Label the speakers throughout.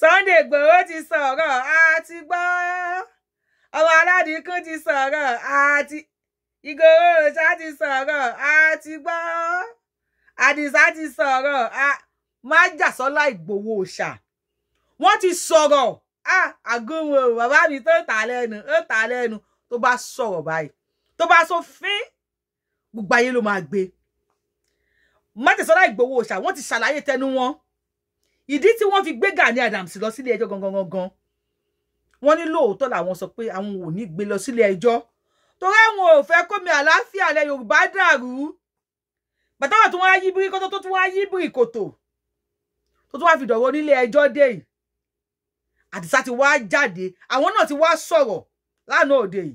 Speaker 1: Sunday Igboho ti sọ̀rọ̀ àti gbọ́ ọmọ aládìkún ti sọ̀rọ̀ àti Igboho ṣá ti sọ̀rọ̀ àti gbọ́ Àdìsá ti sọ̀rọ̀ májàsọ́lá Ìgbòho ṣá wọ́n ti sọ̀rọ̀ àgúnwò bàbá mi tó tà lẹ́nu ó tà lẹ́nu tó bá sọ̀rọ̀ báyìí tó bá sọ fín gbogbo ayé ló máa gbé májàsọ́lá Ìgbòho ṣá wọ́n ti ṣàlàyé tẹnu wọn ìdí tí wọ́n fi gbé Gani Adams lọ sílé ẹjọ́ gangan gangan wọ́n ní lóòótọ́ làwọn sọ pé àwọn ò ní gbé lọ sílé ẹjọ́ torí àwọn ò fẹ́ kómi àlàáfíà lẹ Yorùbá dàrú bàtàwà tó wá yíbírí kótó tó tún wá yíbírí kòtò tó tún wá fi dọ̀wọ́ nílé ẹjọ́ dé yìí àdìsá ti wá jáde àwọn náà ti wá sọ̀rọ̀ lánàá òde yìí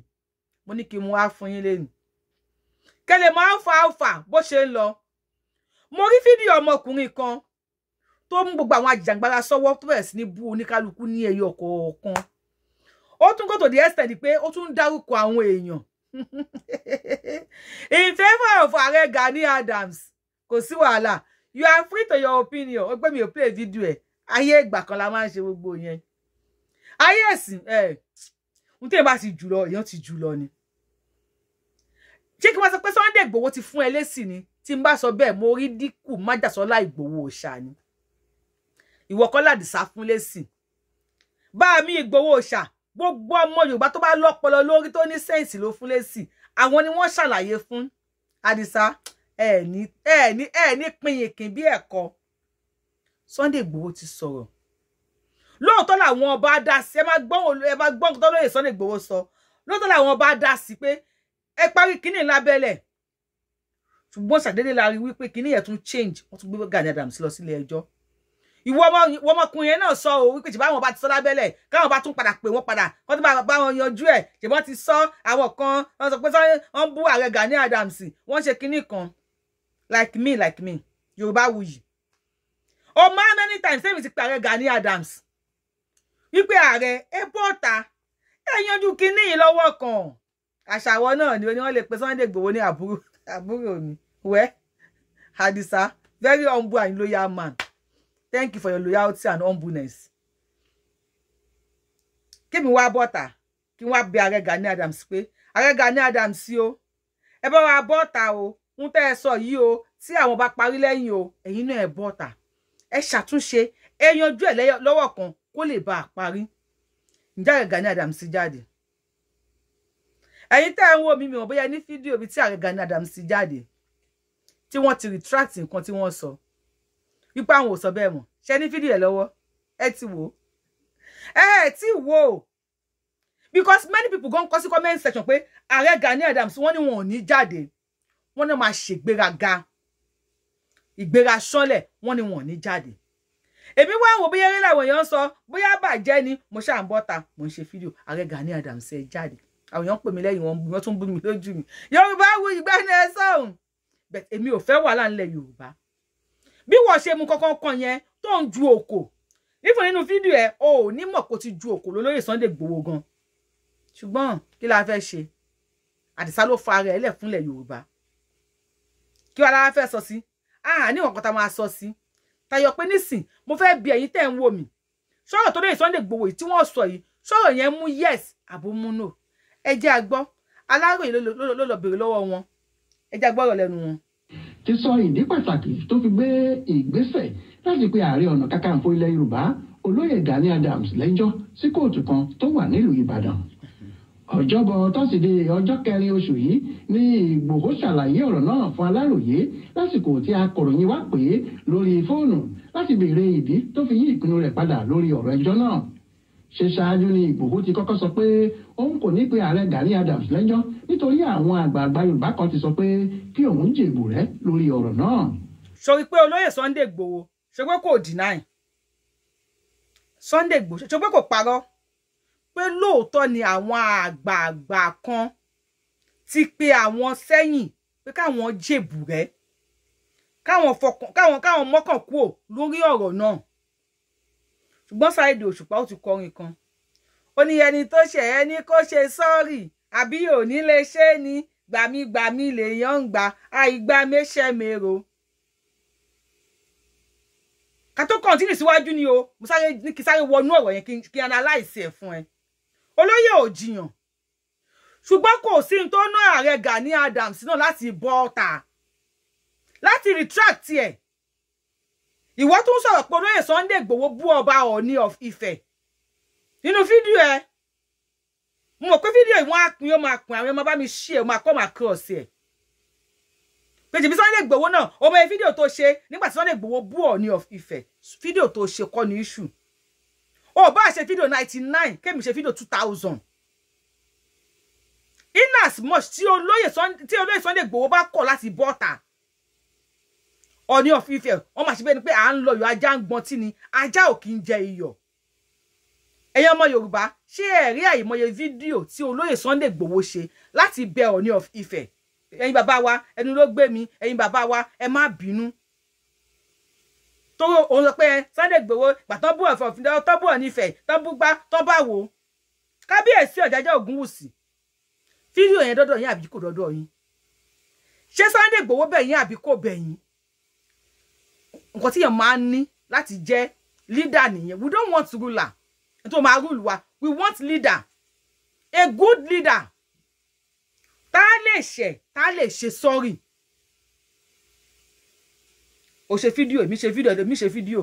Speaker 1: mo ní kí n wá fún yín lẹ́nu kẹlẹ̀ mọ́ alfa alfa bó ṣe ń lọ mo rí fídíò ọmọkùnrin kan tó mú gbogbo àwọn àjàǹgbara sọ́wọ́ tó bẹ̀rẹ̀ sí ní bú oníkálukú ní ẹyọ kọ̀ọ̀kan ó tún kò tó di extent pé ó tún ń dárúkọ àwọn èèyàn in favor of ààrẹ Gani Adams kò sí wàhálà you are free to your opinion ó gbé mi ò play video ẹ̀ ayé ìgbà kan la máa ń ṣe gbogbo yẹn ayé ẹ̀sìn ẹ̀ ń tẹ́ bá ti jù lọ èèyàn ti jù lọ ni ṣé kí wọ́n sọ pé Sunday Igboho ti fún ẹ lésì ni tí n bá sọ bẹ́ẹ̀ mo rí dínkù májàsọ́lá Igboho ṣáà ni ìwọ kọ́ làdìsá fún lẹ́sìn bá mi Ìgbòho ṣà gbogbo ọmọ Yorùbá tó bá lọ́pọlọ lórí tó ní sẹ́ǹsì ló fún lẹ́sìn àwọn ni wọ́n ṣàlàyé fún àdìsá ẹ ní ẹ ní ẹ ní pinyìnkìn bí ẹ̀kọ́ Sunday Ìgbòho ti sọ̀rọ̀ lóòótọ́ làwọn ọba dá sí ẹ má gbọ́n ẹ má gbọ́n tó lóye Sunday Ìgbòho sọ lóòótọ́ làwọn ọba dá sí pé ẹ parí kínní lábẹ́lẹ̀ ṣùgbọ́n ṣàdédé la rí wípé kínní yẹn tún change wọ́n tún gbé Gani Adams lọ sílé ẹjọ́ ìwọ ọmọkùnrin yẹn náà sọ o wípé tí báwọn bá ti sọ lábẹ́lẹ̀ káwọn bá tún padà pè wọ́n padà wọ́n ti bá wọn yanjú ẹ̀ tí wọ́n ti sọ àwọn kan wọ́n sọ pé wọ́n bú ààrẹ Gani Adams wọ́n ṣe kinní kan like me like me Yorùbáwùyí o máa many times tẹ́mi ti pe ààrẹ Gani Adams wípé ààrẹ ẹ bọ́ta ẹ yanjú kinní yìí lọ́wọ́ kan àṣàwọ̀ náà ni wọ́n lè pe Sunday Igboho ní àbúrò mi wẹ́ Adisa very humble and loyal man thank you for your loyalty and humbleness kí mi wá bọ́ta kí n wá bẹ̀ ààrẹ Gani Adams pé ààrẹ Gani Adams sí o ẹ wa bọ́ta o ń tẹ́ ẹ sọ yìí o tí àwọn bá parí lẹ́yìn o ẹ̀yin náà ẹ bọ́ta ẹ ṣàtúnṣe ẹ yanjú ẹ̀ lọ́wọ́ kan kó lè bá a parí ǹjẹ́ ààrẹ Gani Adams sí jáde ẹ̀yin tẹ́ ẹ ń wò mí mi ò bóyá ní fídíò bíi tí ààrẹ Gani Adams sí jáde tí wọ́n ti retract nǹkan tí wọ́n So wípé àwọn ò sọ bẹ́ẹ̀ mọ̀ ṣe ní fídíò ẹ̀ lọ́wọ́ ẹ ti wò ó ẹ ti wò because many people gan kọ sí comment section pé ààrẹ Gani Adams wọ́n ní wọn ò ní jáde wọ́n náà máa ṣègbéraga ìgbéra ṣánlẹ̀ wọ́n ní wọn ò ní jáde èmi wá wò bóyá eré làwọn èèyàn ń sọ bóyá bàjẹ́ ni mo ṣáà ń bọ́ta mo ń ṣe fídíò ààrẹ Gani Adams ẹ jáde àwọn èèyàn ń pè mí lẹ́yìn wọn wọ́n tún bú mi lójú mi Yorùbá wù ìgbẹ́ni ẹ sọ̀hún èmi ò fẹ́ wàhálà ńlẹ̀ Yorùbá bí wọ́n ṣe mu kankan kan yẹn tó ń ju òkò nífọ̀ nínú fídíò ẹ̀ o ò ní mọ̀ kó ti ju òkò lólóyè Sunday Igboho gan ṣùgbọ́n kí la fẹ́ ṣe Àdìsá ló fa ara ẹ̀ lẹ̀ fúnlẹ̀ Yorùbá kí wàá lára fẹ́ sọ sí àà ní ìwọ̀n kan tá máa sọ sí tayọ pé nísìn mo fẹ́ bi ẹ̀yin tẹ́ ń wò mí sọ̀rọ̀ tó lóyè Sunday Igboho tí wọ́n sọ yìí sọ̀rọ̀ yẹn mú yes àbó mú no ẹ jẹ́ a gbọ́ Aláròyé ló lọ bèrè lọ́wọ́ wọn ẹ jẹ́ a gbọ́ lẹ́nu wọn
Speaker 2: ti sọ ìdí pàtàkì tó fi gbé ìgbésẹ̀ láti pe ààrẹ ọ̀nà kakanfò ilẹ̀ yorùbá olóyè gani adams lẹ́jọ́ sí kóòtù kan tó wà nílùú ìbàdàn ọjọ́bọ̀ tọ́sídẹ̀ẹ́ ọjọ́ kẹrin oṣù yìí ni ìgbòho ṣàlàyé ọ̀rọ̀ náà fún aláròyé lásìkò tí akọ̀ròyìn wá pè é lórí fóònù láti béèrè ìdí tó fi yí ìpinnu rẹ̀ padà lórí ọ̀rọ̀ ẹjọ́ náà ṣe ṣáájú ni ìgbòho ti kọ́kọ́ sọ pé òun kò ní pe ààrẹ gani adams lẹ́jọ́ nítorí àwọn àgbààgbà yorùbá kan ti sọ pé kí òun jèbù rẹ lórí ọ̀rọ̀ náà.
Speaker 1: sori pé olóyè sunday gbowó ṣe pé kò deny sunday gbowó ṣe pé kò parọ́ pé lóòótọ́ ni àwọn àgbààgbà kan ti pe àwọn sẹ́yìn pé káwọn jèbù rẹ káwọn mọ́kàn kúò lórí ọ̀rọ̀ náà ṣùgbọ́n Saheed Òṣùpá ó ti kọrin kan ó ní ẹni tó ṣe ẹni kó ṣe sọ́ọ̀rì àbí ò ní lè ṣe é ní gbàmígbàmí lèèyàn ń gbà àìgbà méṣẹ́mẹ́rò ká tó kọ̀ǹtínì síwájú ni o mo sáré ní kí sáré wọnú ọ̀rọ̀ yẹn kí n analyze ẹ̀ fún ẹ olóyè ò jiyàn ṣùgbọ́n kò sí ní tó ná ààrẹ Gani Adams náà láti bọ́ ọ̀tà láti retract ẹ̀ ìwọ tún sọ̀rọ̀ pé olóyè Sunday Igboho bú ọba oni of ife. nínú fídíò ẹ mo mọ̀ video. fídíò ìwọ̀n apin ó máa pin àwọn ọmọ bá mi ṣí ẹ̀ máa kọ́ máa kọ́ ọ̀sẹ̀ ẹ̀ pèjì bí Sunday Igboho náà ọmọ ẹ fídíò tó ṣe nígbà tí Sunday Igboho bú Ọọ̀ni of ife. Video tó ṣe kọ́ ní issue ó bá ṣe video ninety nine kémi ṣe video two thousand in as much tí olóyè Sunday Igboho bá kọ̀ láti bọ́ta Ọọ̀ni of Ifẹ̀ wọ́n máa ṣe bẹ́ẹ̀ ni pé à ń lọ yọ ajá ń gbọ́n tí ni ajá ò kì í jẹ iyọ̀ ẹ̀yin ọmọ Yorùbá ṣé ẹ rí àìmọye fídíò tí olóyè Sunday Igboho ṣe láti bẹ Ọọ̀ni of Ifẹ̀ ẹ̀yin bàbá wa ẹnu ló gbé mi ẹ̀yin bàbá wa ẹ má bínú tóró òun sọ pé Sunday Igboho gbà tán bú ọ̀fọ̀ fúnjọ́ tán bú Ọọ̀ni Ifẹ̀ tán bú gbá tán bá wò kábíyèsí Ọ̀jájá Ògúnwùsì fídíò yẹn dọ́dọ̀ yín àbí kò dọ́dọ̀ yín ṣé Sunday Igboho bẹ̀ àbí kò bẹ̀ nǹkan tí máa ń ní láti jẹ́ leader nìyẹn we don't want ruler tó máa rule wa we want leader a good leader tá a lè ṣe tá a lè ṣe sorry o ṣe fídíò èmi ṣe fídíò èmi ṣe fídíò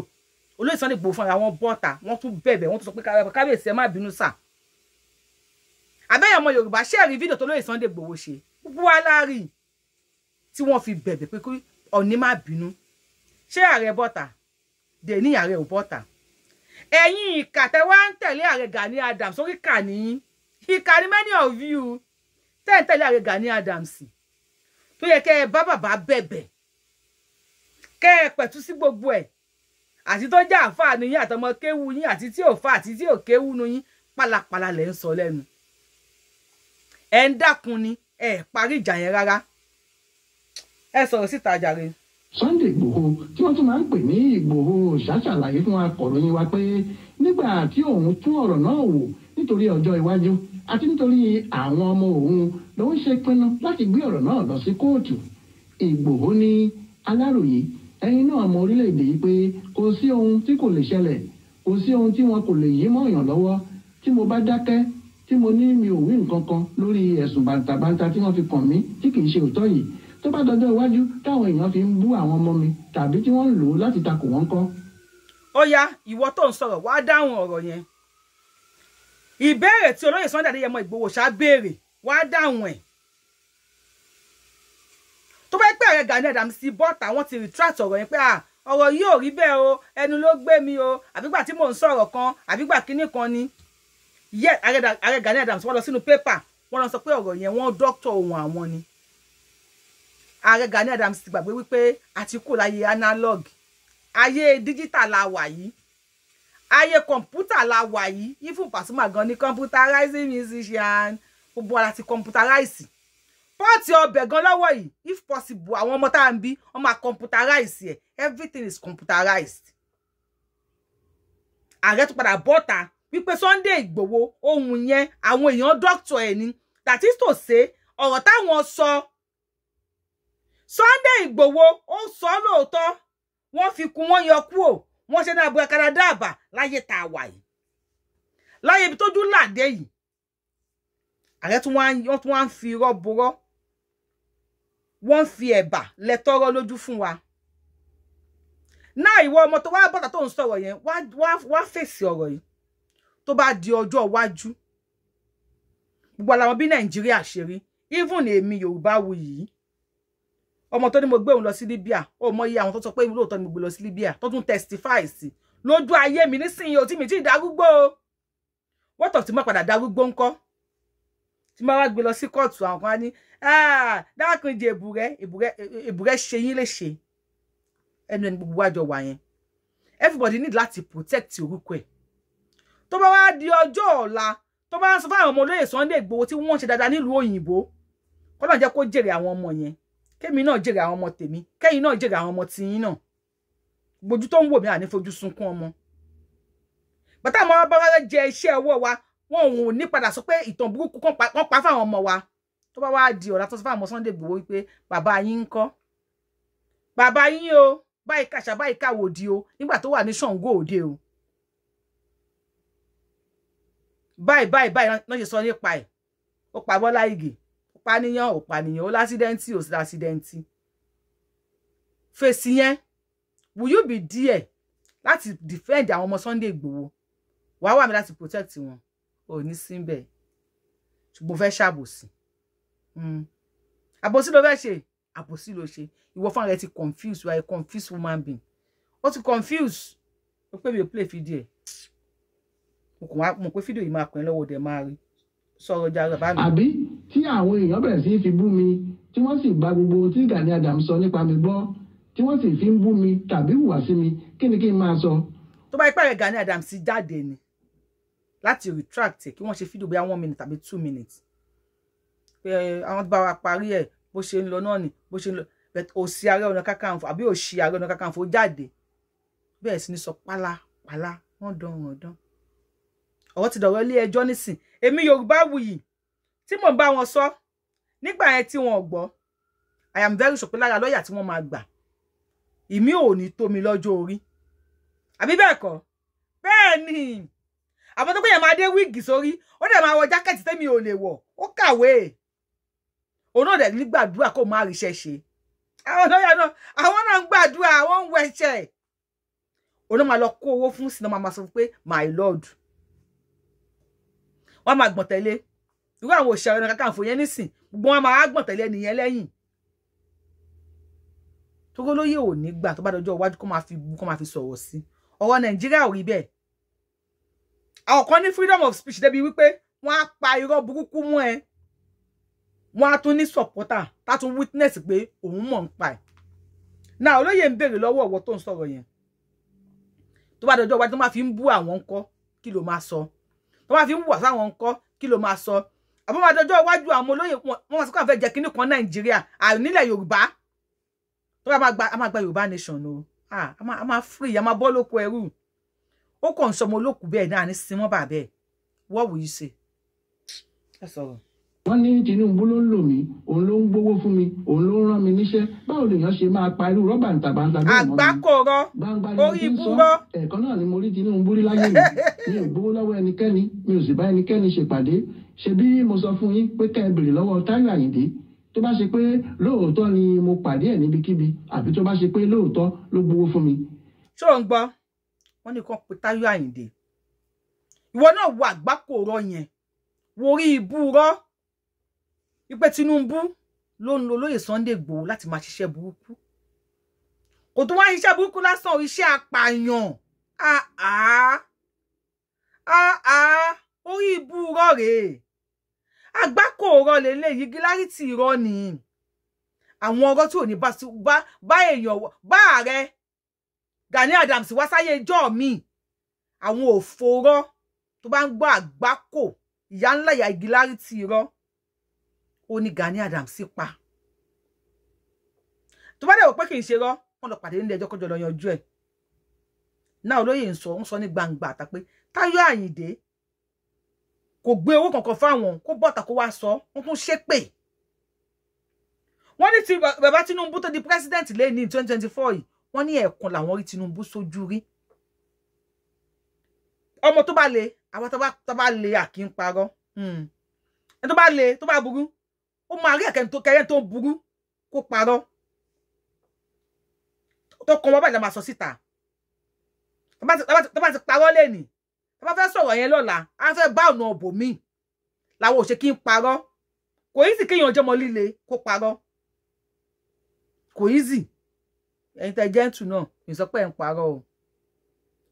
Speaker 1: olóyè Sunday Igboho fúnra wọn bọ́ta wọn tún bẹ̀bẹ̀ wọn tún sọ pé kábíyèsí ẹ má bínú sà àbẹ́yẹ̀ ọmọ Yorùbá ṣé ẹ̀rí fídíò tó lóyè Sunday Igboho ṣe gbogbo wa tí wọ́n fi bẹ̀bẹ̀ pé kí Ọọ̀ni má bínú ṣé ààrẹ bọ́ta dè ní ààrẹ ò bọ́ta ẹ̀yin ìkà tẹ wá ń tẹ̀lé ààrẹ Gani Adams orí kà ní ìkà ní many of you tẹ̀ ń tẹ̀lé ààrẹ Gani Adams tó yẹ kẹ́ ẹ bá bàbá bẹ̀bẹ̀ kẹ́ ẹ pẹ̀tù sí gbogbo ẹ̀ àti tó jẹ́ àǹfààní nu yín àtọmọ kéwu yín àti tí ò fa àti tí ò kéwu nu yín pálapàla lẹ̀ ń sọ lẹ́nu ẹ̀ ń dákun ni ẹ̀ parí ìjà yẹn rárá ẹ sọ̀rọ̀ síta jàre.
Speaker 2: Sunday Igboho tí wọ́n tún máa ń pè ní Igboho ṣàṣàlàyé fún akọ̀ròyìn wa pé nígbà tí òun tún ọ̀rọ̀ náà wò nítorí ọjọ́ iwájú àti nítorí àwọn ọmọ òun ló ṣe pinnu láti gbé ọ̀rọ̀ náà lọ sí kóòtù Igboho ní Aláròyé ẹ̀yin náà mọ orílẹ̀-èdè yìí pé kò sí ohun tí kò lè ṣẹlẹ̀ kò sí ohun tí wọn kò lè yí mọ́ọ̀yàn lọ́wọ́ tí mo bá dákẹ́ tí mo ní mi ò wí nǹkan kan lórí ẹ̀sùn bàǹtàbàǹtà tí wọ́n fi kàn mí tí kì í ṣe òótọ́ yìí tó bá dọjọ́ iwájú táwọn èèyàn fi ń bú àwọn ọmọ mi tàbí tí wọ́n ń lò ó láti takò wọ́n kọ́.
Speaker 1: ó yá ìwọ tó ń sọ̀rọ̀ wá dáhùn ọ̀rọ̀ yẹn ìbéèrè tí olóyè Sunday Adéyẹmọ Ìgbòho ṣá béèrè wá dáhùn ẹ̀ tó bá pẹ́ rẹ̀ Gani Adams ti bọ́ta wọ́n ti retract ọ̀rọ̀ yẹn pé à ọ̀rọ̀ yìí ò rí bẹ́ẹ̀ o ẹnu ló gbé mi o àbígbà tí mò ń sọ̀rọ̀ kan àbígbà kinní kan ni yẹ ààrẹ Gani Adams wọ́n lọ sínú pépà wọ́n lọ sọ pé ọ̀rọ̀ yẹn wọ́n dọ́kítọ̀ ohun àwọn ni ààrẹ Gani Adams ti gbàgbé wípé àti kò láyé analog ayé digital la wà yìí ayé kọ̀ǹpútà la wà yìí ifun Pasuma gan ni computerizing musician gbogbo ara ti computerize pọ́ọ̀tì ọbẹ̀ gan lọ́wọ́ yìí if possible àwọn ọmọ tá à ń bí wọ́n máa computerize ẹ̀ everything is computerized ààrẹ tó padà bọ́ta wípé Sunday Ìgbòho ohun yẹn àwọn èèyàn dọ́kítọ̀ ẹ̀ ni that is to say ọ̀rọ̀ táwọn sọ Sunday Ìgbòho ó sọ lóòótọ́ wọ́n fi kun wọ́n yọ kúò wọ́n ṣe ní abu akara dáàbà láyé tá a wà yìí láyé ibi tójú làdé yìí ààrẹ tí wọ́n tún wá fi irọ́ burọ́ wọ́n ń fi ẹ̀bà lẹ́tọ́rọ́ lójú fún wa náà ìwọ ọmọ tó wá bọ́tà tó ń sọ̀rọ̀ yẹn wá fèsì ọ̀rọ̀ yìí tó bá di ọjọ́ iwájú gbogbo àwọn bí Nàìjíríà ṣe rí even èmi Yorùbá wuyì yìí ọmọ tó ní mo gbé òun lọ sí Libya ó mọ iye àwọn tó sọ pé ìlú òótọ́ ni mo gbé lọ sí Libya tó tún testify sí lójú ayé mi nísìnyí o tí mi ti darúgbó o wọ́tọ̀ tí mo padà darúgbó ńkọ́ tí mo wá gbé lọ sí kóòtù àwọn kan á ní ah, dákun jẹ èbùrẹ́ èbùrẹ́ ṣe yín léṣe ẹnu ẹni gbogbo àjọ wà yẹn everybody need láti protect orúkọ ẹ̀ tó bá wá di ọjọ́ ọ̀la tó bá ń sọ fún àwọn ọmọ olóyè Sunday Igboho tí wọ́n ń ṣe dáadáa nílùú òyìnbó kọ́lọ́n jẹ́ kó jèrè àwọn ọmọ yẹn kémi náà jèrè àwọn ọmọ tèmi kẹ́yìn náà jèrè àwọn ọmọ tiyín náà gbojú tó ń wò mí àní fojú sunkún ọmọ bàtà àwọn abáwárẹ jẹ iṣẹ́ ọwọ́ wa wọn ò ní padà sọ pé ìtàn burúkú kan pa fáwọn ọmọ wa tó bá wá di ọ̀la tó sọ fún àwọn Sunday Igboho wípé bàbá yín ń kọ́ bàbá yín o báyìí kàṣà báyìí káwò di o nígbà tó wà ní Ṣàngó Òde o báyìí báyìí báyìí náà ṣe sọ nípa ẹ̀ ó pa Bọ́lá igi pànìyàn ò pànìyàn ó lásídẹ́ǹtì ò sí lásídẹ́ǹtì fèsì will you be there láti defend àwọn ọmọ Sunday Igboho wàá wà mí láti protect wọn ò ní síbẹ̀ ṣùgbọ́n fẹ́ ṣàbòsí hmm. àbòsí ló fẹ́ ṣe àbòsí ló ṣe ìwọ fún ara ẹ ti confuse you are a confused woman being ó ti confuse ó pè mí play video. ẹ mo kàn wá mo pé fídíò yìí máa pẹ́ lọ́wọ́ dẹ̀ máa rí sọ̀rọ̀ jàre bá mi. àbí tí
Speaker 2: àwọn èèyàn bẹ̀rẹ̀ sí fi bú mi tí wọ́n sì gba gbogbo tí Gani Adams sọ nípa mi gbọ́ tí wọ́n sì fi ń bú mi tàbí hùwà sí mi kí ni kí n máa sọ.
Speaker 1: tó bá ipá rẹ̀ Gani Adams jáde ni láti retract kí wọ́n ṣe fídíò bóyá one minute tàbí two minutes pé àwọn bá wa parí ẹ̀ bó ṣe ń lọ náà ni bó ṣe ń lọ òsì ààrẹ ọ̀nà kakanfò àbí òsì ààrẹ ọ̀nà kakanfò jáde bẹ́ẹ̀ sì ni sọ pálapàla wọ́n dán wọ́n dán ọ̀rọ̀ ti dọ̀rọ̀ ilé ẹjọ́ nísìn Emi Yoruba tí ti mo ba wọn sọ nígbà yẹn tí wọn ò i am very sure pé lára lọ́ọ̀yà tí wọ́n máa gbà ìmí ò ní tó mi lọ́jọ́ orí Abi bẹ́ẹ̀ kọ́ bẹ́ẹ̀ ni àwọn tó pé yẹn ma dé wíìgì sórí ó dẹ̀ máa wọ jákẹ́ẹ̀tì tẹ́mi ò lè wọ̀ ó kàwé òun náà dẹ̀ nígbàdúrà kó má ríṣẹ́ ṣe àwọn lọ́ọ̀yà náà àwọn náà ń gbàdúrà wọ́n ń wẹ̀ṣẹ̀ òun náà máa lọ kó owó fún sinimá máa sọ my lord wọ́n máa gbọ̀n tẹ̀lé irú àwọn òṣìṣẹ́ ọ̀nà kankan fò yẹn nísìn gbogbo wọn máa gbọ̀n tẹ̀lé nìyẹn lẹ́yìn togolóyè ò ní gbà tó bá dọjọ́ iwájú kó máa fi bu kó máa fi sọ̀rọ̀ sí ọwọ́ nàìjíríà ò rí bẹ́ẹ̀ àwọn kan ní freedom of speech débi wípé wọ́n á pa irọ́ burúkú mú ẹ wọ́n á tún ní supporter tá witness pé òun mọ̀ ń pa ẹ̀ náà olóyè ń béèrè lọ́wọ́ ọ̀wọ́ tó ń sọ̀rọ̀ yẹn tó bá dọjọ́ iwájú tó máa fi ń bú àwọn ńkọ́ kí ló máa sọ. So tó bá fi ń wà sáwọn ńkọ́ kí ló máa sọ àbọ̀mọdọ́jọ́ iwájú àwọn olóyè wọn wọn sọ pé àwọn fẹ́ jẹ kínní kan nàìjíríà ànílẹ̀ yorùbá tó bá máa gba yorùbá nation o a máa free a máa bọ́ lóko ẹrú ó kàn ń sọmọ olókùú bẹ́ẹ̀ náà ní sinmọ́ bàbẹ́ what will you say? That's all wọ́n ní Tinubu
Speaker 2: ló ń lò mí òun ló ń gbowó fún mi òun ló ń rán mi níṣẹ́ báwo lèèyàn ṣe máa pa irú rọ́bà ntàbàntà bẹ́ẹ̀ mọ́ mi.
Speaker 1: àgbákòrọ orí ibúrọ.
Speaker 2: ẹ̀ẹ̀kan náà ni mo rí Tinubu rí láyé mi mi ò gbowó lọ́wọ́ ẹnikẹ́ni mi ò sì bá ẹnikẹ́ni ṣèpàdé ṣebí mo sọ fún yín pé ká ẹ bèrè lọ́wọ́ Táyọ̀ Àyìndé tó bá ṣe pé lóòótọ́ ni mo pàdé ẹ̀ níbikíbi àbí tó bá ṣe pé lóòótọ́ ló gbowó fún mi.
Speaker 1: ṣó ń gbọ́ wọ́n ní kàn pé Táyọ̀ Àyìndé ìwọ náà wo àgbákòrọ yẹn wo orí ibúrọ wípé Tinubu ló ń lo olóyè Sunday Igboho láti máa ṣiṣẹ́ burúkú kò tó wá iṣẹ́ burúkú lásán iṣẹ́ apààyàn àá àá orí ibú rọ rèé àgbákò rọ lélẹyìí gíláàrìtì rọ nìyí àwọn ọ̀rọ̀ tí ò ní bá èèyàn bá ààrẹ Gani Adams wá sáyé ẹjọ́ mi àwọn òfòrọ tó bá ń gbọ́ àgbákò ìyá ńlá ìyá ìgíláàrìtì rọ ó ní Gani Adams pa tó bá dẹ̀ wò pé kì í ṣe rọ́ wọ́n lọ pàdé nílé ẹjọ́ kọjọ lọ yanjú ẹ̀ náà olóyè ń sọ ń sọ ní gbangba àtà pé Táyọ̀ Àyìndé kò gbé owó kankan fáwọn kó bọ́ta kó wá sọ wọ́n tún ṣépè wọ́n ní ti bàbá Tinubu tó di president lé ní twenty twenty four yìí wọ́n ní ẹ̀ẹ̀kan làwọn rí Tinubu sójú rí ọmọ tó bá le àwọn tó bá le àkínparọ́ hmm. ẹni tó bá le tó bá burú ó m'a rí ẹ̀kẹ́ni tó kẹrẹ́ tó ń burú kó parọ́ tó kọ́ wọn báyìí la máa sọ síta tó bá ti parọ́ lẹ́nì tó bá fẹ́ sọ̀rọ̀ yẹn lọ́la á fẹ́ bá ọ̀nà ọ̀bọ̀ míì làwọn ò ṣe kí n parọ́ kò yí sì kéèyàn jọmọ líle kó parọ́ kò yí sì ẹ̀yin tẹ́ jẹ́ǹtù náà mi sọ pé ẹ̀ ń parọ́ o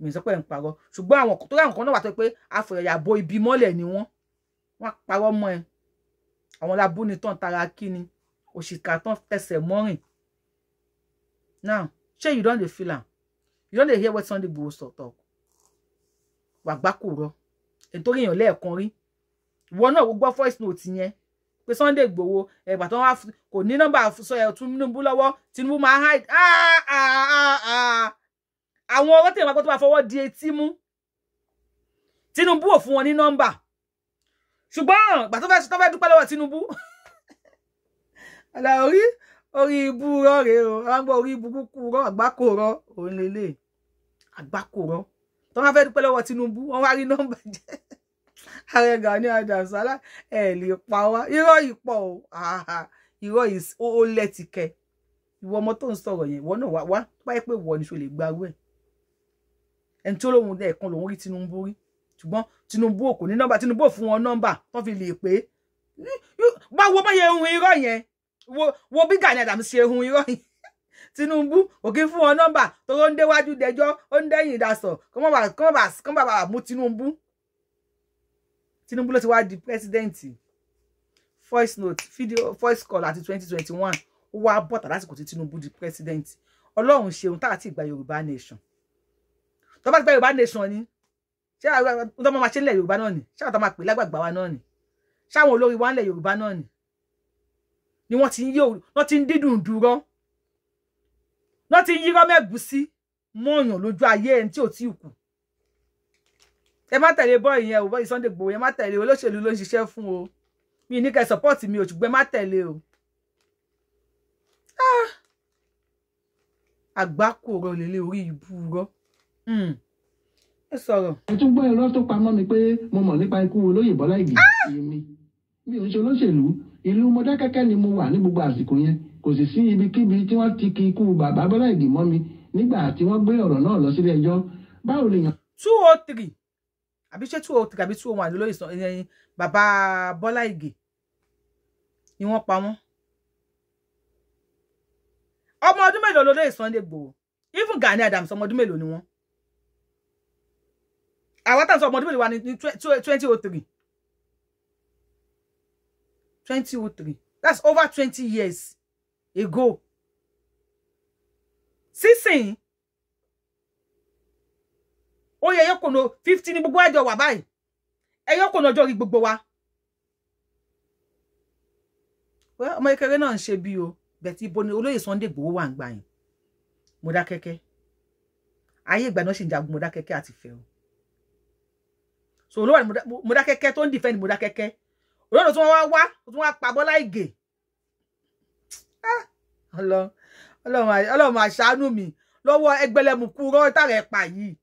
Speaker 1: mi sọ pé ẹ̀ ń parọ́ ṣùgbọ́n àwọn tó ráwọn kan náà wà tó pé afọ̀yàyà bo ibi mọ́lẹ̀ ni wọ́n wọ́n parọ́ mọ́ ẹ àwọn labúni tán tara ni òṣìkà tán tẹsẹ̀ mọ́rìn now shey you don dey feel am you don dey hear what Sunday Igboho sọ talk wàgbá kò rọ nítorí èèyàn lẹ́ẹ̀kan rí ìwọ náà gbọ́ voice note yẹn pé Sunday Igboho ẹgbà tó wá kò ní nọ́mbà sọ ẹ Tinubu lọ́wọ́ Tinubu máa hide ah, ah, ah, àwọn ọwọ́ tèmi àgbọ̀tò máa fọwọ́ di etí mú Tinubu ò fún wọn ní nọ́mbà ṣùgbọ́n ìgbà tó fẹ́ sọ tó fẹ́ dúpẹ́ lọ́wọ́ Tinubu ọ̀là orí orí ibú rọ rèé o à ń gbọ́ orí ibú kúkú rọ àgbákòrọ òun lélẹ̀ àgbákòrọ tó wọ́n fẹ́ dúpẹ́ lọ́wọ́ Tinubu wọ́n wá rí nọ́mbà jẹ́ ààrẹ Gani Adams alá ẹ̀ lè pa wá irọ́ yìí pọ̀ o irọ́ yìí ó lẹ́tìkẹ́ ìwọ ọmọ tó ń sọ̀rọ̀ yẹn ìwọ náà wá wá báyìí pé ìwọ ni ṣo lè gbarú ẹ̀ ẹni tí ó lóun dẹ̀ kan lòun rí Tinubu rí ṣùgbọ́n Tinubu ò ní nọ́mbà Tinubu fún wọn nọ́mbà wọ́n fi lè pé bá wo bá yẹ hun irọ́ yẹn wo bí Gani Adams ṣe hun irọ́ yẹn Tinubu ò fún wọn nọ́mbà tóró ń déwájú dẹjọ́ ó ń dẹ́yìn ìdásọ̀ kọ́ bàbà mú Tinubu Tinubu ló ti wá di pẹ́sidẹ́ǹtì voice note video voice call àti twenty twenty one ó wá bọ̀tà lásìkò tí Tinubu di pẹ́sidẹ́ǹtì Ọlọ́run ṣeun tá ìgbà Yorùbá nation tó ti gba Yorùbá nation ni ṣé àwọn ọmọ máa ṣe nílẹ̀ yorùbá náà ni ṣé àwọn tó máa lágbàgbà wa náà ni ṣáwọn olórí wa nílẹ̀ yorùbá náà ni ni wọ́n ti ń yí wọ́n ti ń dídùn dúró wọ́n ti ń yírọ́ mẹ́gùsí mọ́ọ̀yàn lójú ayé ẹni tí ò tí ì kù ẹ má tẹ̀lé bọ́ọ̀ì yẹn o bọ́ọ̀ì Sunday Igboho má tẹ̀lé o olóṣèlú ló ń ṣiṣẹ́ fún o mi ní kẹ́ support mi ò ṣùgbọ́n ẹ má tẹ̀lé o ah! àgbákò rọ lélẹ̀ orí ìbú rọ ẹ sọ̀rọ̀. ẹ tún gbọ́ irọ́
Speaker 2: tó pamọ́ mi pé mo mọ̀ nípa ikú olóyè Bọ́lá Ìgè ah! èmi mi ò ń ṣe olóṣèlú ìlú Mọdákẹ́kẹ́ ni mo wà ní gbogbo àsìkò yẹn kò sì sí ibikíbi tí wọ́n ti ki ikú bàbá Bọ́lá Ìgè mọ́
Speaker 1: mi nígbà tí wọ́n gbé ọ̀rọ̀ náà lọ sílé ẹjọ́ báwo lè yàn. two oh three àbí ṣé two oh three àbí two oh one lóyè sàn ẹyìn eh, eh, bàbá Bọ́lá Ìgè ni wọ́n pa wọ́n ọmọ ọdún mélòó lóyè Sunday Igboho even Gani Adams ọmọ ọdún mélòó ni wọ́n àwa tá à ń sọ ọmọdún wa ní twenty oh three twenty oh three that's over twenty years ago sísìn ó yẹ ẹyọkùnà fifty ní gbogbo àjọ wà báyìí ẹyọkùnà ọjọ́ orí gbogbo wa ọmọ kékeré náà ń ṣe bí o bẹ̀tí ibo ni olóyè Sunday Igboho wà ń gbà yẹn Mọdákẹ́kẹ́ ayé ìgbà náà ṣì ń jagun Mọdákẹ́kẹ́ àti Ìfẹ́ o so ló wà ní Modákẹ́kẹ́ tó ń defend Modákẹ́kẹ́ olóòdò tí wọ́n wá wá tí wọ́n pa Bọ́lá Ìgè ah, ọlọ́run àṣàánú mi lọ́wọ́ ẹgbẹ̀lẹ́mùkú rọ́ tààrà ẹ̀ pa yìí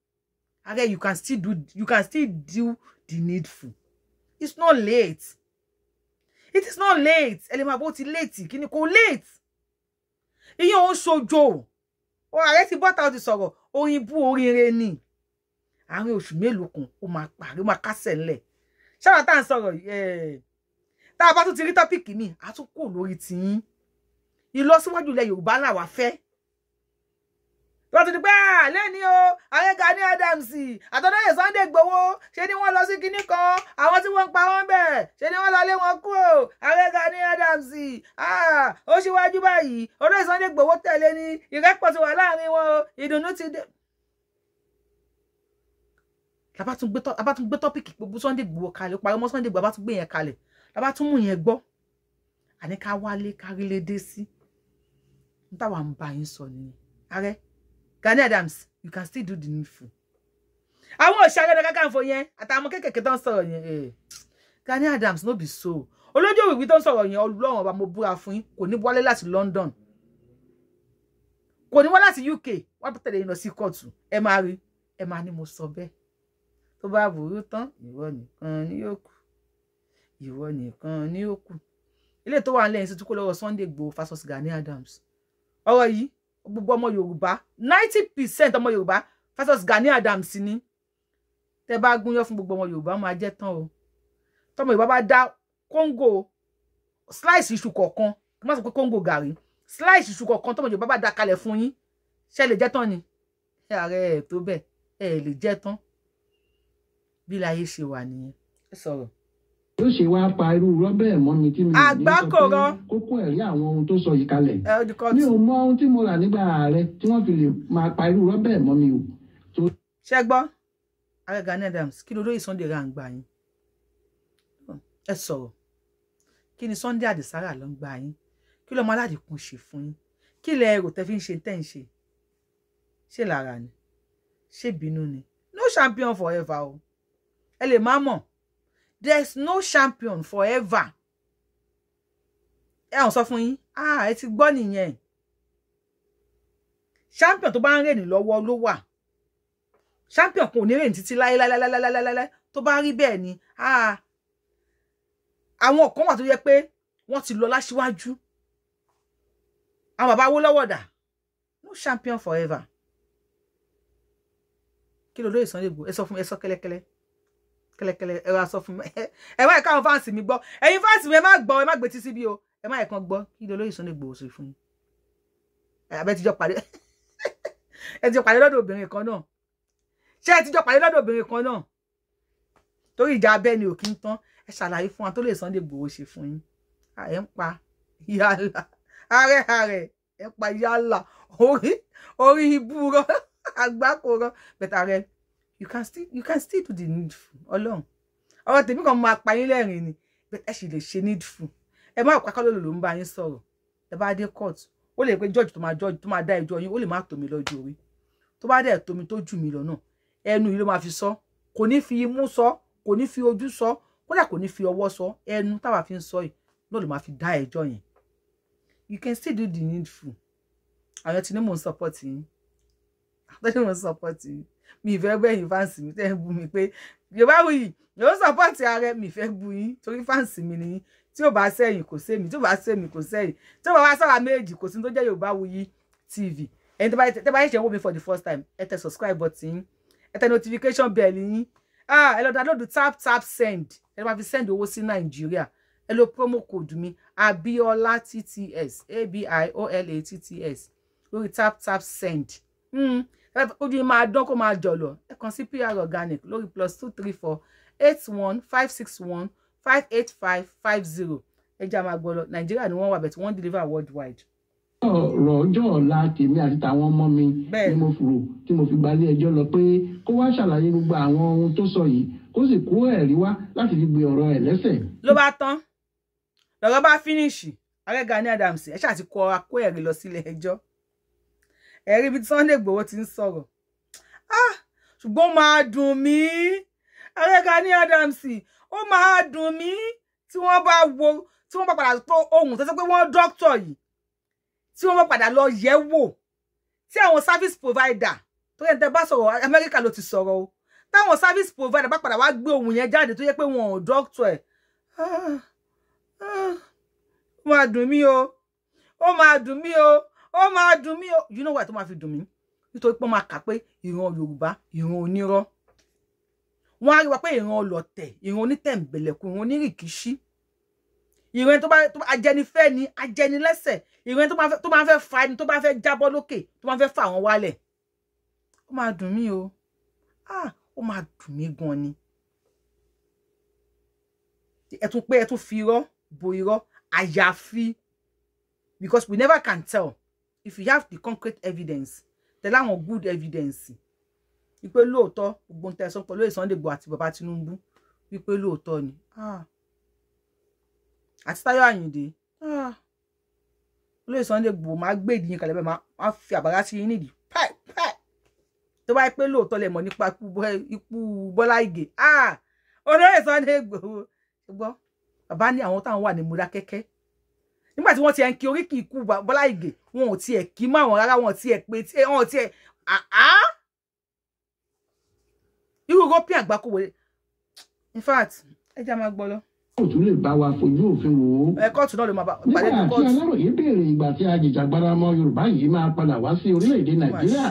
Speaker 1: ààrẹ you can still do you can still do the needful it's not late it is not late ẹlẹ́màbó ti late kí ni kò late ìyẹn ò ń ṣojo ọ̀rẹ́ ti bọ́ta ó ti sọ̀rọ̀ orin bú oríire ni àárín oṣù mélòó kan ó máa parí ó máa kásẹ̀ ńlẹ̀ ṣáà tá à ń sọ̀rọ̀ tá a bá tún ti rí tọ́pìkì mi a tún kò lórí tìyín ìlọsíwájú ilẹ̀ Yorùbá làwa fẹ́ wọ́n ti àlẹ́ ni o àwọn Gani Adams àtọ́dọ́yè Sunday Igboho ṣe ni wọ́n lọ sí kinní kan àwọn tí wọ́n ń pa wọ́n bẹ̀ ṣe ni wọ́n lọ lé wọn kú o àwọn Gani Adams ó ṣíwájú báyìí olóyè Sunday Igboho tẹ̀lé ni ìrẹ́pọ̀ ti wà láàrin wọn ìdùnnú ti dé labá tún gbé tọ́pìkì gbogbo Sunday Igboho kalẹ̀ ó parí ọmọ Sunday Igboho labá tún gbé yẹn kalẹ̀ labá tún mú yẹn gbọ́ àní ká wálé kárílé dé sí n táwa ń bá yín sọ nìyẹn ààrẹ Gani Adams you can still do the needful àwọn òṣèré ọ̀dọ̀ Kakanfò yẹn àtàwọn kékèké tó ń sọ̀rọ̀ yẹn eh. Gani Adams no be so olójú òwìwí tó ń sọ̀rọ̀ yẹn ọlọ́run ọba mo búra fún yín kò ní wálé láti London kò ní wá láti UK wọ́n tẹ̀lé yín lọ sí kóòtù ẹ máa rí ẹ máa ní mo sọ bẹ́ẹ̀ bá burú tán ìwọ nìkan ni yóò kù ìwọ nìkan ni yóò kù ilé tó wà ń lẹ́yìn sí tukú lọ́wọ́ Sunday Igboho fasos Gani Adams ọ̀rọ̀ yìí gbogbo ọmọ Yorùbá ninety percent ọmọ Yorùbá fasos Gani Adams ni tẹ bá gúnyán fún gbogbo ọmọ Yorùbá máa jẹ tán o tọmọ Yorùbá bá dá kóńgò slice iṣu kọ̀ọ̀kan má sọ pé kóńgò gàrí slice iṣu kọ̀ọ̀kan tọmọ Yorùbá bá dá kalẹ̀ fún yín ṣe lè jẹ tán ni ààrẹ ẹ tó bẹ́ẹ̀ ẹ lè jẹ tán bí láyé ṣe wà nìyẹn ẹ sọ̀rọ̀
Speaker 2: yóò ṣe wá pa irú rọ́bẹ̀ mọ́ mi tí mi ò ní sọ pé kókó ẹ̀rí àwọn ohun tó sọ yìí kalẹ̀ mi ò mọ ohun tí mo rà nígbà ààrẹ tí wọ́n fi lè máa pa irú rọ́bẹ̀ mọ́ mi o.
Speaker 1: ṣé gbọ́ ààrẹ Gani Adams kí ni olóyè Sunday ra ń gbà yín ẹ sọ̀rọ̀ kí ni Sunday Adisara ló ń gbà yín kí lọ́mọ aládìkún ṣe fún yín kí lẹ èrò tẹ́ fi ń ṣe tẹ́ ń ṣe ṣé lára ni ṣé bínú ni no champion forever o. Oh ẹ lè má mọ̀ there's no champion forever ẹ hàn sọ fún yín ah ẹ ti gbọ́ nìyẹn champion tó bá ń rìn lọ́wọ́ ló wà champion kò ní rìn títí láéláéláéláéláé tó bá rí bẹ́ẹ̀ ni ah àwọn kan wà tó yẹ pé wọ́n ti lọ láṣíwájú àwọn bàbá wó lọ́wọ́ dà no champion forever kí ló lóye Sunday bu. ẹ sọ fún mi ẹ sọ kẹ́lẹ́kẹ́lẹ́ kẹlẹkẹlẹ ẹ wá sọ fún mi ẹ má ẹka àwọn fáǹsì mi gbọ́ ẹ̀yin fáǹsì mi ẹ má gbọ́ ẹ má gbé tí síbi o ẹ má ẹkan gbọ́ kí ló lóyè Sunday Igboho sí fún yín abẹ tíjọ pàdé ẹ tíjọ pàdé lọ́dọ̀ obìnrin kan náà ṣé ẹ tíjọ pàdé lọ́dọ̀ obìnrin kan náà torí ìjà abẹ ni òkì ń tán ẹ ṣàlàyé fún wa tó lè Sunday Igboho ṣe fún yín ẹ ń pa yálà ààrẹ ààrẹ ẹ pa yálà orí orí ibú rọ àgbákò bẹtà rẹ you can still you can still do the needful ọlọ́run ọ̀rọ̀ tèmi kan máa pa yín lẹ́rìn ni ẹ sì lè ṣe needful ẹ má pa kọ́lọ́ ló ń bá yín sọ̀rọ̀ ẹ bá dé court ó lè pe judge tó máa judge tó máa dá ẹjọ́ yín ó lè má tòmí lọ́jọ́ orí tó bá dẹ̀ tòmí tó jù mí lọ náà ẹnu yìí ló máa fi sọ kò ní fi imú sọ kò ní fi ojú sọ kódà kò ní fi ọwọ́ sọ ẹnu táwa fi ń sọ yìí náà ló máa fi dá ẹjọ́ yẹn you can still do the needful àwọn tí ní mò ń support yín àwọn tí ní mò ń support yín mi ìfẹ́ gbẹ̀yìn fáǹsì mi tẹ́ ń bú mi pé Yorùbáwùyí yóò sọ́pọ̀tì ààrẹ mi ìfẹ́ bú yín torí fáǹsì mi nìyí tí ò bá sẹ́yìn kò sẹ́mi tí ò bá sẹ́mi kò sẹ́yìn tí ò bá wá sọ̀rọ̀ méjì kò sí tó jẹ́ Yorùbáwùyí TV ẹni tẹ́ bá ṣe wò mi for the first time ẹ tẹ subscribe button yín ẹ tẹ notification bell yín ah, ẹ lọ download tap tap send ẹ máa fi send owó sí Nàìjíríà ẹ lo promo code mi abiola tts abiola tts lórí tap tap send. Mm ojú yín máa dán kó máa jọ̀lọ̀ ẹ kàn sí PR organic lórí plus two three four eight one five six one five eight five five zero ẹ jẹ́ àmà gbọ́dọ̀ nàìjíríà ni wọ́n wà bẹ̀ tí wọ́n deliver worldwide.
Speaker 2: ọ̀rọ̀ ọjọ́ ọ̀la tèmi àti tàwọn ọmọ mi ni mo rò tí mo fi gbalẹ̀ ẹjọ́ lọ pé kó wá ṣàlàyé gbogbo àwọn ohun tó sọ yìí kó sì kó ẹ̀rí wá láti fi gbé ọ̀rọ̀ ẹ̀ lẹ́sẹ̀.
Speaker 1: ló bá tán lọ́rọ̀ bá fínísì ààrẹ Gani Adams ẹ̀ ṣáà ti kọ́ akó ẹ̀rí lọ sílé ẹjọ́ ẹ̀rí ibi tí Sunday Igboho ti ń sọ̀rọ̀ ah ṣùgbọ́n ó máa dùn mí arẹ́gà ní Adams ó máa dùn mí tí wọ́n bá wo tí wọ́n bá padà tó ohun tó sọ pé wọ́n dókítọ̀ yìí tí wọ́n bá padà lọ yẹ̀ wò tí àwọn service provider tó yẹ tẹ́ bá sọ̀rọ̀ Amẹ́ríkà ló ti sọ̀rọ̀ o táwọn service provider bá padà wá gbé ohun yẹn jáde tó yẹ pé wọn ò dókítọ̀ ẹ̀ ah, ah, ó máa dùn mí o ó máa dùn mí o ó máa dùn mí o you know why tó máa fi dùn mí nítorí pé wọ́n máa kà pé ìran Yorùbá ìran onírọ́ wọ́n á rí wa pé ìran ọlọ̀tẹ̀ ìran onítẹ̀m̀bẹ̀lẹ̀kùn ìran onírìkíṣí ìran tó bá ajẹnifẹ́ ni ajẹnilẹ́sẹ̀ ìran tó máa fẹ́ fa ẹni tó bá fẹ́ jábọ́ lókè tó máa fẹ́ fà wọ́n wálẹ̀ ó máa dùn mí o ah ó máa dùn mí gan ni ẹ tún pé ẹ tún fi irọ́ bo irọ́ àyàfi because we never can tell if you have the concrete evidence tẹ̀lé àwọn good evidence wípé lóòótọ́ gbogbo nǹkan ẹ̀sán pẹ̀lú Sunday Igboho àti bàbá Tinubu wípé lóòótọ́ ni ah. àti Táyọ̀ Àyìndé ah. olóyè Sunday Igboho máa gbé ìdíyìn kalẹ̀ bẹ́ẹ̀ máa fi àbára sí yín nídìí pẹ́ẹ́ pẹ́ẹ́ tó bá yẹ pé lóòótọ́ lẹ mọ̀ nípa ikú Bọ́lá Ìgè ah. olóyè Sunday Igboho gbọ́ bàbá ní àwọn táwọn wà ní Modákẹ́kẹ́ nígbà tí wọ́n ti ẹ̀ ń kí oríkì ikú Bọ́lá Ìgè wọn ò tiẹ̀ kí mọ́ àwọn rárá wọn ò tiẹ̀ pé wọn ò tiẹ̀ àá irú rọ́pì àgbákò wọlé in fact ẹ jẹ́ máa gbọ́ lọ.
Speaker 2: kóòtù lè bá wa fojú òfin wò ó.
Speaker 1: ẹ kóòtù náà ló máa pàdé ní kóòtù. nígbà tí
Speaker 2: aláròye béèrè ìgbà tí ajìjàgbara ọmọ Yorùbá yìí máa padà wá sí orílẹ̀-èdè Nàìjíríà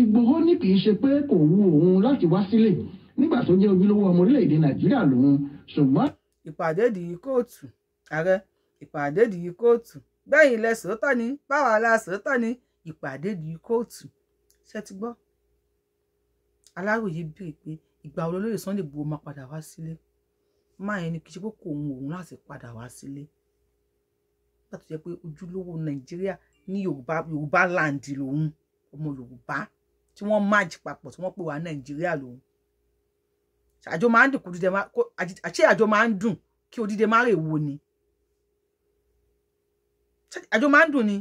Speaker 2: Ìgbòho ní kì í ṣe pé kò wu òun láti wá sílẹ̀ nígbà tó jẹ́ ojúlówó ọmọ orílẹ̀-èdè Nàìjíríà
Speaker 1: lòun ṣùgbọ́n. ìpàdé dìí kóòtù ààrẹ ìpàdé dìí kóòtù bẹ́yìn ilẹ̀ sòótọ́ ni báwa la sòótọ́ ni ìpàdé dìí kóòtù ṣé ti gbọ́ aláròye bèrè pé ìgbà wo lóye Sunday Igboho máa padà wá sílé máa yẹn ni kì í ṣe pé kò ohun òun láti padà wá sílé nígbà tó jẹ́ pé ojúlówó Nàìjíríà ní Yorùbá Yorùbá land lòun ọmọ Yorùbá tí wọ́n máàjì papọ̀ tí wọ́n pè wá Nàìjíríà lòun àjọ máa ń dùn kó dídẹ máa àṣé àjọ máa ń dùn kí odídẹ máa rè wo ni àjò máa ń dùn ni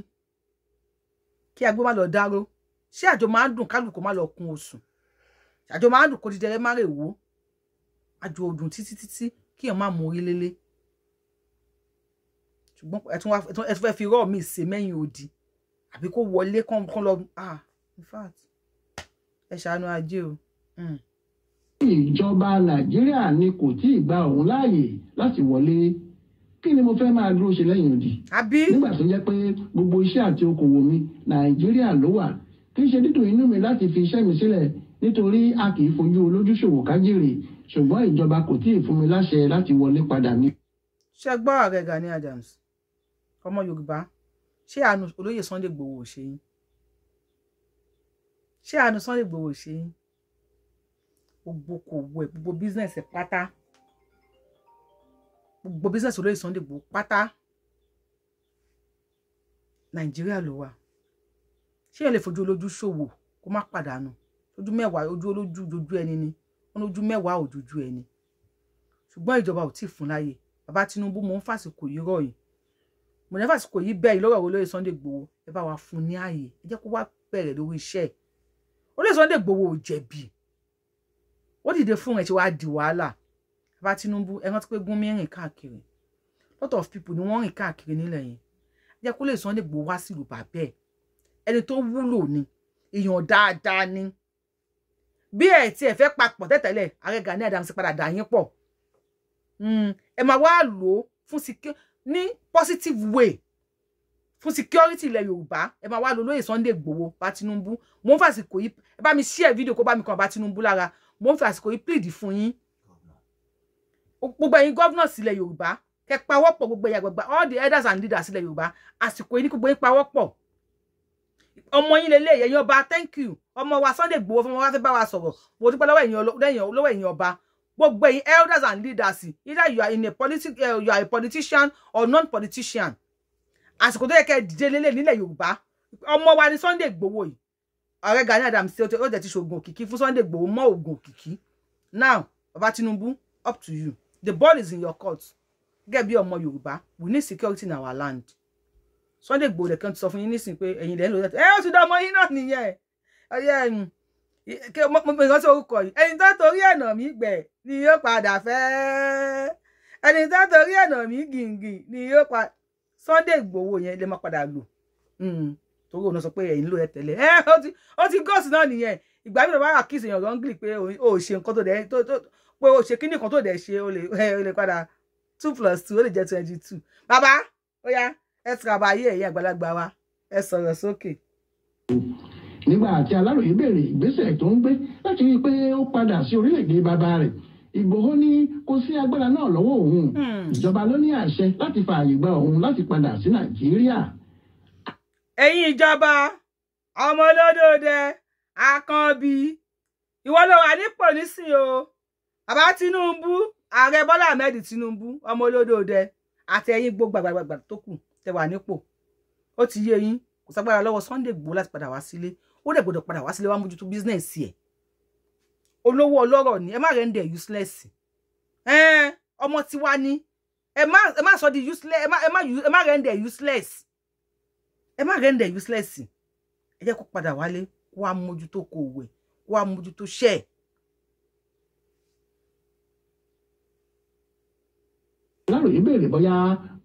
Speaker 1: kí agbó má lọ dáró ṣé àjò máa ń dùn kálukú má lọ kun oṣù àjò máa ń dùn kó ti jẹrẹ má rè wó àjò òdùn títí títí kí èèyàn má mú orí lélé ṣùgbọ́n ẹ tún fẹ́ fi rọ́ọ̀ mi ṣe mẹ́yìn òdì àbí kó wọlé kán lọ ah in fact ẹ ṣàánú ajé o. Hmm.
Speaker 2: ìjọba nàìjíríà ni kò tí ì gba òun láàyè láti wọlé kí ni mo fẹ́ máa dúró ṣe lẹ́yìn odi. àbí. nígbà tó jẹ́ pé gbogbo iṣẹ́ àti okòwò mi nàìjíríà ló wà kì í ṣe dídùn inú mi láti fi iṣẹ́ mi sílẹ̀ nítorí a kì í fojú olójúṣòwò kájèrè ṣùgbọ́n ìjọba kò tí ì fún mi láṣẹ láti wọlé padà ní.
Speaker 1: ṣé gbọ́ ààrẹ Gani Adams ọmọ yorùbá ṣé àánú olóyè Sunday Igboho ṣe yín ṣé àánú Sunday Igboho ṣe yín gbogbo kò wẹ̀ gbogbo bísíǹsì pátá gbogbo business olóyè Sunday Igboho pátá nàìjíríà ló wà ṣé ẹ lè fojú olójú ṣòwò kó má pàdánù ojú mẹ́wàá ojú olójú ojú ẹni ni wọn lójú mẹ́wàá òjòjú ẹni ṣùgbọ́n ìjọba ò tí ì fún láyè bàbá Tinubu mò ń fàsìkò yìí rọ̀yìn mo ní fàsìkò yìí bẹ́ẹ̀ lọ́rọ̀ olóyè Sunday Igboho ẹ bá wa fún ní ààyè ẹ jẹ́ kó wá bẹ̀rẹ̀ lórí iṣẹ́ olóyè Sunday Igboho ò jẹ̀bi ó dìde fún ẹ̀ tí wàá di wàhálà bá Tinubu ẹ rántí pé Gúnmi rìn káàkiri lot of people ni wọ́n rìn káàkiri nílẹ̀ yẹn jẹ́ kó lè Sunday Igboho wá sílùú bàbá ẹ̀ ẹni to wúlò ni èèyàn dáadáa ni bí ẹ̀ tí ẹ̀ fẹ́ papọ̀ tẹ́tẹ̀lẹ̀ ààrẹ Gani Adams padà dà yín pọ̀ hmm, ẹ máa wá lò ó fún ní positive way fún security ilẹ̀ yorùbá ẹ máa wá lo lóye Sunday Igboho bá Tinubu mo ń fàsìkò yìí ẹ bá mi share video kó bá mi kàn bá Tinubu lára mo ń fàsìkò yìí plead fún yín gbogbo ẹ̀yin gọ́vnà sílẹ̀ yorùbá kẹ pawọ́pọ̀ gbogbo ẹ̀yà gbogbo all the elders and leaders sílẹ̀ yorùbá àsìkò yìí ní gbogbo yín pawọ́pọ̀ ọmọ yín lélẹ̀ ẹ̀yin ọba thank you ọmọ wa Sunday Igboho fún wa fẹ́ bá wa sọ̀rọ̀ mo dúpẹ́ lọ́wọ́ ẹ̀yin lọ́wọ́ ẹ̀yin ọba gbogbo ẹ̀yin elders and leaders either you are in a politic uh, eh, you are a politician or non-politician àsìkò tó yẹ kẹ́ dìde lélẹ̀ nílẹ̀ yorùbá ọmọ wa ni Sunday Igboho yìí ọ̀rẹ́ Gani Adams ṣe ó jẹ́ ti ṣoògùn òkìkí fún Sunday Igboho mọ́ òògùn òkìkí now baba Tinubu up to you the ball is in your court Get bí ọmọ yorùbá we need security in our land sunday igbòho lẹ̀kan ti sọ fún yín nísìnyí that ẹ̀yin lẹ́yìn lóṣù ẹ̀ ọ̀ṣùdá ọmọ yín náà nìyẹn ọ̀yẹ́ ẹ̀yìn kí mo pè rántí orúkọ yìí ẹni tó torí ẹ̀nà mi gbẹ̀ ni yóò padà fẹ́ ẹni tó torí ẹ̀nà mi gìngìn ni yóò pa sunday igbòho yẹn lè má padà lò hmm, torí òun sọ pé ẹ̀yin ló yẹ tẹ̀lé ẹ̀ ó ti gọ́ọ̀sì náà nìyẹn ìgbà mi lọ́wọ́ àkíyèsí èèyàn rọ́ngìlì pé ò ṣe nǹkan tó pé o ṣe kíní kan tó dẹ̀ ṣe o lè padà two plus two ó lè jẹ́ twenty two bàbá ó yá ẹ sọ̀rọ̀ àbáyé ẹ̀yìn àgbàlagbà wa ẹ sọ̀rọ̀ sókè.
Speaker 2: nígbà tí aláròye béèrè ìgbésẹ̀ tó ń gbé láti rí i pé ó padà sí orílẹ̀-èdè bàbá rẹ̀ ìgbòho ní kò sí agbára náà lọ́wọ́ òun hmm. ìjọba ló ní àṣẹ láti fààyè gba òun láti padà sí nàìjíríà.
Speaker 1: ẹ̀yin ìjọba ọmọ olódòdè akànbí ìwọ ló wà nípò nísìnyí o bàbá Tinubu ààrẹ Bọ́lá Ahmed Tinubu ọmọ olódòdẹ àti ẹ̀yin gbogbo àgbàgbà tó kù tẹ wà nípò ó ti yé yín kò ságbára lọ́wọ́ Sunday Igboho láti padà wá sílé ó dẹ̀ gbọ́dọ̀ padà wá sílé wá mójútó bísínẹsì ẹ̀ olówó ọlọ́rọ̀ ni ẹ má rẹ̀ ń dẹ̀ useless ọmọ tiwa ni ẹ má sọ di useless ẹ má rẹ̀ ń dẹ̀ useless ẹ má rẹ̀ ń dẹ̀ useless ẹ jẹ́ kó padà wálé kó wá mójútó kò wẹ̀ kó wá mójútó ṣẹ́ẹ̀
Speaker 2: aláròye béèrè bóyá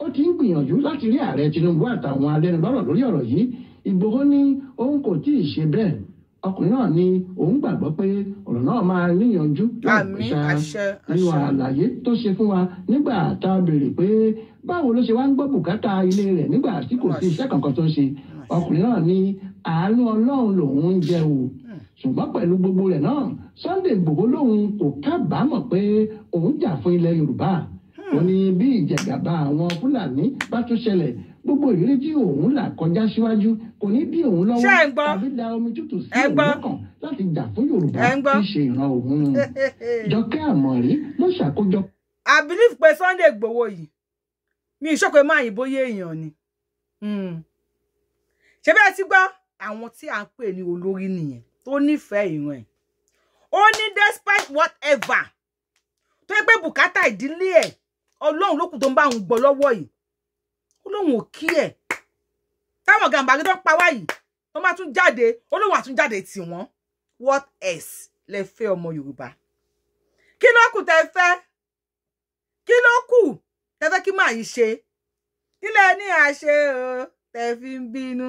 Speaker 2: ó ti ń gbìyànjú láti rí ààrẹ tinubu àtàwọn alẹ́nulọ́rọ̀ lórí ọ̀rọ̀ yìí ìgbòho ní òun kò tí ì ṣe bẹ́ẹ̀ ọkùnrin náà ni òun gbàgbọ́ pé ọ̀rọ̀ náà máa níyànjú láìpẹ́sà níwà àlàyé tó ṣe fún wa nígbà tá a béèrè pé báwo ló ṣe wá ń gbọ́ bùkátà ilé rẹ̀ nígbà tí kò sí iṣẹ́ kankan tó ń ṣe ọkùnrin náà ni àánú ọlọ́run lòun ń jẹ o ṣùgbọ́n pẹ̀lú gbogbo rẹ̀ náà Sunday Igboho lòun kò kábàámọ̀ pé òun jà fún ilẹ̀ Yorùbá ó ní bí ìjàgàbá àwọn fúlàní bá tún ṣẹlẹ̀ gbogbo ìrírí tí òun là kọjá síwájú kò ní bí òun lọ́wọ́ tàbí da omi tútù sí òun
Speaker 1: lọ́kàn láti jà fún yorùbá tí ṣe ìran òun jọkẹ́ àmọ̀rí ló ṣàkójọ. I believe pé Sunday Igboho yìí mi ìṣọ́kọ̀ máa yìnbó yé èèyàn ni hmm. ṣé bẹ́ẹ̀ ti gbọ́ àwọn tí à ń pè ní olórí nìyẹn tó nífẹ̀ẹ́ ìran ẹ̀ ó ní despite whatever tó yẹ pé bùkátà ìdílé ẹ̀ ọlọ́run ló kù tó ń bá òun gbọ́ lọ́wọ́ yìí ọlọ́run ò kí ẹ̀ táwọn gàǹbàrí tó ń pa wá yìí tó tún jáde olóhùn àtúnjáde tì wọ́n what else lẹ fẹ́ ọmọ yorùbá kí ló kù tẹ fẹ́ kí ló kù tẹ fẹ́ kí máa yìí ṣe kí lẹ ní àṣe o tẹ fi ń bínú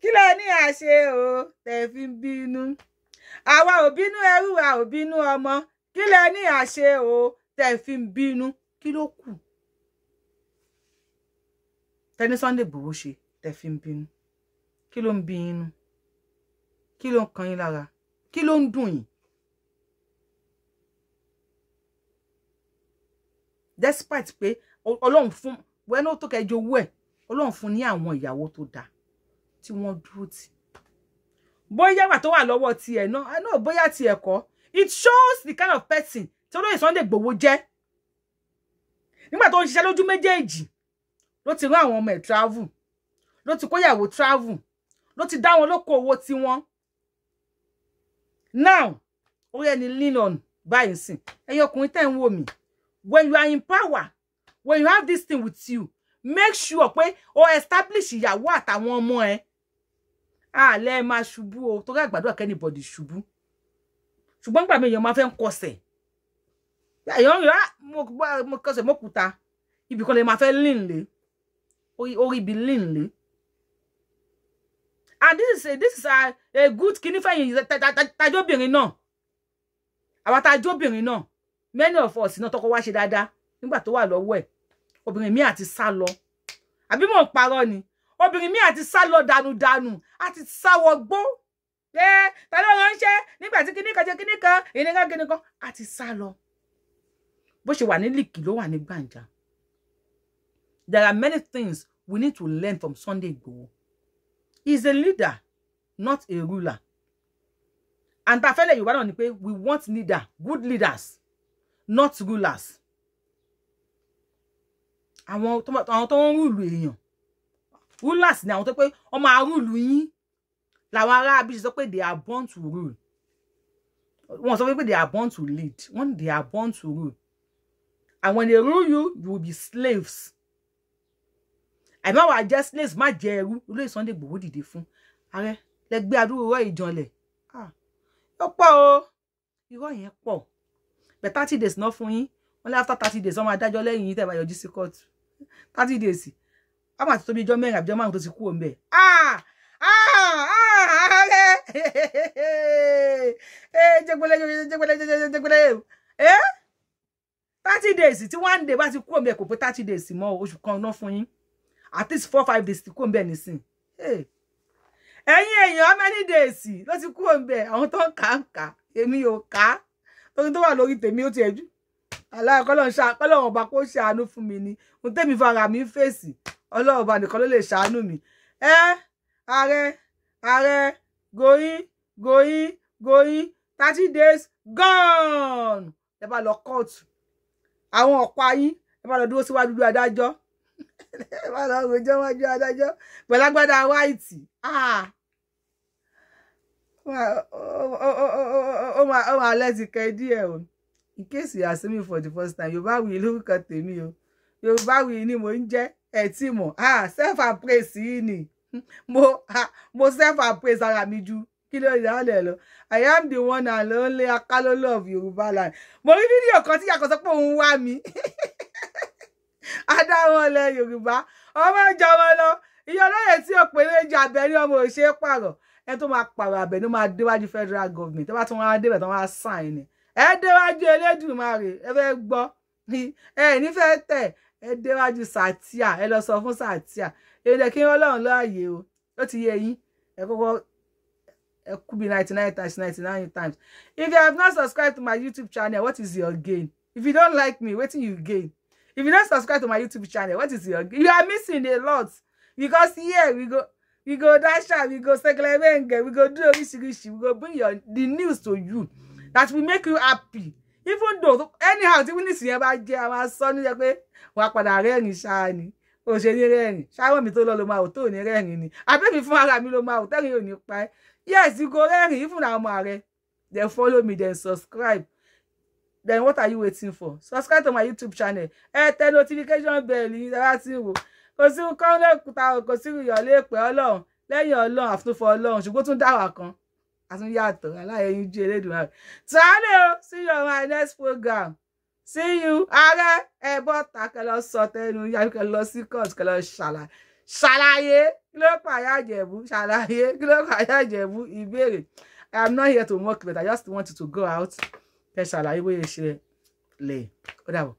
Speaker 1: kí lẹ ní àṣe o tẹ fi ń bínú àwa ò bínú ẹrú wa ò bínú ọmọ kí lẹ ní àṣe o tẹ́ ẹ fi ń bínú kí ló kù tẹni Sunday Igboho ṣe tẹ́ fi ń bínú kí ló ń bí inú kí ló ń kan yín lára kí ló ń dùn yín despite pé Ọlọ́run fún wẹ́n ó tó kẹjọ owó ẹ̀ Ọlọ́run fún ní àwọn ìyàwó tó dáa tí wọ́n dúró tì bóyá wà tó wà lọ́wọ́ tiẹ̀ náà bóyá tiẹ̀ kọ́ it shows the kind of person tí olóyè Sunday Igboho jẹ́ nígbà tó ń ṣiṣẹ́ lójú méjèèjì ló ti rán àwọn ọmọ ẹ̀ travel ló ti kóyàwó travel ló ti dá wọn lóko owó tiwọn now orí ẹni lean on báyìí sìn ẹ̀yin ọkùnrin tẹ́ ń wò mí when you are in power when you have this thing with you make sure pé o establish ìyàwó àtàwọn ọmọ ẹ àlẹ́ máa ṣubú o torí àgbàdo àkẹ́nìbọ̀dì ṣubú ṣùgbọ́n gbàmí èèyàn máa fẹ́ ń kọsẹ̀ èèyàn rẹ̀ ah, mo mo mọ́kúta ibì kan lè máa fẹ́ lean lé ori ibi lean lé and this is a this is a, a good kini fẹ̀yìn tajóbìnrin ta àwa tajóbìnrin náà many of us náà tọkọ wá ṣe dáadáa nígbà tó wà lọ́wọ́ ẹ̀ obìnrin mi àti sá lọ àbí mò ń parọ́ ni obìnrin mi ati sá lọ dànùdànù àti sáwọ gbó ẹ ta ló ránṣẹ́ nígbà tí kíníkan ṣe kíníkan ìnira kíníkan àti sá lọ bó ṣe wà ní líìkì ló wà ní gbàǹjà there are many things we need to learn from Sunday Igboho he is a leader not a ruler and tafẹ́lẹ̀ yorùbá náà ni pé we want leader good leaders not rulers àwọn tó ń rúlù èèyàn rulers ni àwọn tó pé ọmọ arúlù yín làwọn ará abíṣe sọ pé they are born to rule wọn sọ pé they are born to lead wọn they are born to rule and when they rule you you will be slaves àìmọ́ wàá jẹ́ slaves má jẹ ẹrú olóyè Sunday but did Igboho dìde fún ààrẹ lẹgbẹ́ adúrúwọ́ Ah, ó pọ̀ You irọ́ yẹn poor. But thirty days not fún yín wọ́n after thirty days wọ́n máa dájọ́ lẹ́yìn yín tẹ́ bá yọjú sí court thirty days I'm I'm to a man. wọ́n máa ti tóbi ijọ́ mẹ́rin àbíjọ́ márùn tó ti kú òun bẹ̀ ah, ah, ah, ààrẹ jẹgbẹlẹ jẹgbẹlẹ jẹgbẹlẹ Eh? eh? thirty days tí one day bá ti kúrò níbẹ̀ kò pé thirty days mọ́ oṣù kan náà fún yín at least four five days ti kúrò níbẹ̀ nísìn ẹ̀yin èèyàn many days ló ti kúrò níbẹ̀ àwọn tó ń kà ń kà èmi ò kà á torí tó wà lórí tèmi ó ti ẹ̀jú aláàkọ́lọ́ ṣá kọ́lọ́wọ́n ọba kó ṣàánú fún mi ni mo tẹ́mi fara mi fèsì ọlọ́wọ́n ọba nìkan ló lè ṣàánú mi ẹ ààrẹ ààrẹ going going going thirty days gone ẹ bá lọ kóòtù àwọn ọ̀pá yín ẹ bá lọ dúró síwájú adájọ́ ẹ bá lọ rojọ́ wájú adájọ́ pẹ̀lágbádá wáìtì ah. ó máa lẹ́sìn kẹ́ díẹ̀ o in case you are seeing me for the first time yorùbá wuyì lórúkọ tèmi o yorùbá wuyì ni mò ń jẹ́ ẹ̀ tí mọ̀ ah, self appraise yìí ni mo ah, self appraise ara mi ju kí ló ìdálẹ̀ lọ i am the one and only akálólò of yorùbá land mo rí fídíò kan tí yàkọ̀ sọ pé òun wá mi adáwọn ọlẹ yorùbá ọmọ ìjọba lọ iye olóyè tí ò pé méjì abẹ́rí ọmọ òṣè pààrọ̀ ẹ tó máa pààrọ̀ abẹ́ní máa déwájú federal government tó bá tún wá débẹ̀ tó wá sàn ni ẹ déwájú elédùnmarè ẹ fẹ́ gbọ́ ẹ nífẹ̀ẹ́ tẹ̀ ẹ déwájú sàtíà ẹ lọ sọ fún sàtíà èdè kí ọlọ́run láàyè o ó ti yé yín ẹ kọ́kọ́ Eh, it could be 99 times 99 times if you have not subscribed to my youtube channel what is your gain if you don't like me what do you gain if you don't subscribe to my youtube channel what is your gain you are missing a lot because here we go we go dash out we go sekelebenge we go do oríṣiríṣi we go bring your the news to you that will make you happy even though anyhow tí wínísì yẹn my jẹ my son, níjẹ pé wàá padà rẹ́rìn ṣáá ni o ṣe ní rẹ́rìn ṣáwọn mi tó lọ ló máa wò tó ní rẹ́rìn ni àbẹ́mi fún ara mi ló máa wò tẹ́rìn ò ní pa ẹ́ yes you go rẹ́rìn even àwọn ààrẹ dem follow me Then subscribe then what are you waiting for subscribe to my youtube channel ẹ tẹ notification bell yìí lára tí wò kò sí kọ́ńdé kùtà kò sí ìyọ̀lé pẹ̀ ọlọ́run lẹ́yìn ọlọ́run àtúnfọ̀ ọlọ́run ṣùgbọ́n tún dáwà kan àtúnyàtọ̀ aláyẹyìn ju elédùnmáà So hello. see you on my next program see you ààrẹ ẹ bọ́ ta kẹ lọ sọ tẹnu yàrá kẹ lọ sí court kẹ lọ ṣàlàyé ṣàlàyé kí ló pa àyà ìjẹ̀bú ṣàlàyé kí ló pa àyà ìjẹ̀bú ìbéèrè i am not here to mock but i just want you to go out ẹ ṣàlàyé bóyá ṣe lè ó dàbọ̀.